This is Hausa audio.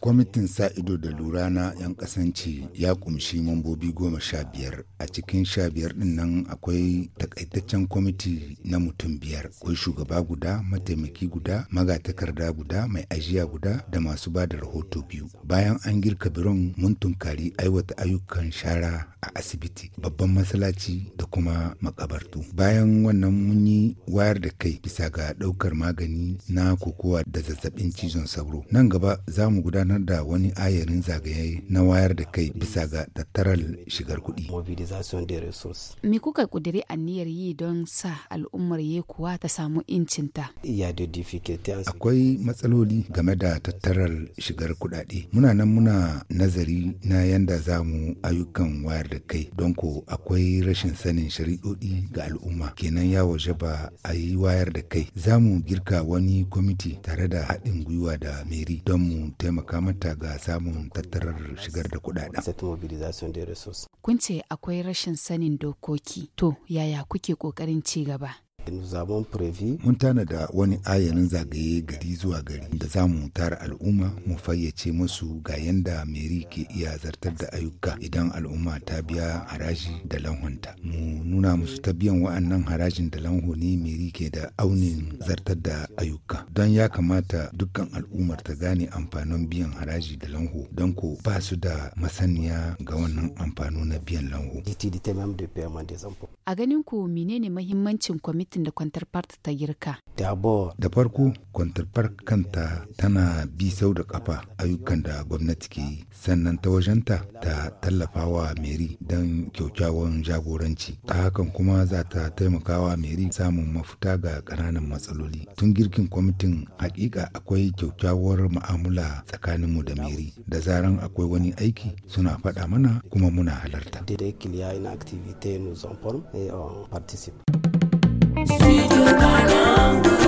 Kwamitin sa ido da lura na 'yan kasance ya kumshi mambobi goma sha biyar. A cikin sha biyar din nan akwai takaitaccen kwamiti na mutum biyar. Akwai shugaba guda, mataimaki guda, magatakarda guda, mai ajiya guda da masu ba da rahoto biyu. Bayan an girka biron mun tunkari aiwata ayyukan shara a asibiti, babban masallaci da kuma makabartu. Bayan wannan mun yi wayar da kai bisa ga ɗaukar magani na kokowa da zazzabin cizon sauro. Na nan gaba za mu gudanar da wani ayarin zagaye na wayar da kai bisa ga tattaral shigar kuɗi. Me kuka ƙudiri aniyar yi don sa al'ummar ya kuwa ta samu incinta? Akwai matsaloli game da tattaral shigar kuɗaɗe. Muna nan muna nazari na yanda za mu ayyukan wayar da kai don ko akwai rashin sanin shari'o'i ga al'umma kenan ya waje ba a yi wayar da kai. Za mu girka wani kwamiti tare da haɗin gwiwa da meri kuɗi don mu taimaka mata ga samun tattarar shigar da kuɗaɗen. Kun ce akwai rashin sanin dokoki, to yaya kuke ƙoƙarin ci gaba? Mun tana da wani ayanin zagaye gari zuwa gari da za mu tara al'umma mu fayyace musu ga yanda meri ke iya zartar da ayyuka idan al'umma ta biya haraji da lanhonta. Mu nuna musu ta biyan wa'annan harajin da lanho ne meri ke da aunin zartar da ayyuka. Don ya kamata dukkan al'ummar ta gane amfanin biyan haraji da lanho don ko ba su da masaniya ga wannan amfano na biyan lanho. A ganin ku menene mahimmancin kwamiti. gwamnatin da ta girka. Da farko kwantarfar kanta tana bi sau da kafa ayyukan da gwamnati ke yi sannan ta wajenta ta tallafawa Meri don kyaukyawan jagoranci. Ta hakan kuma za ta taimakawa Meri samun mafita ga ƙananan matsaloli. Tun girkin kwamitin hakika akwai kyaukyawar mu'amala mu da Meri. Da zaran akwai wani aiki suna faɗa mana kuma muna halarta. kiliya ina in forme et on participe. Sweet Banana.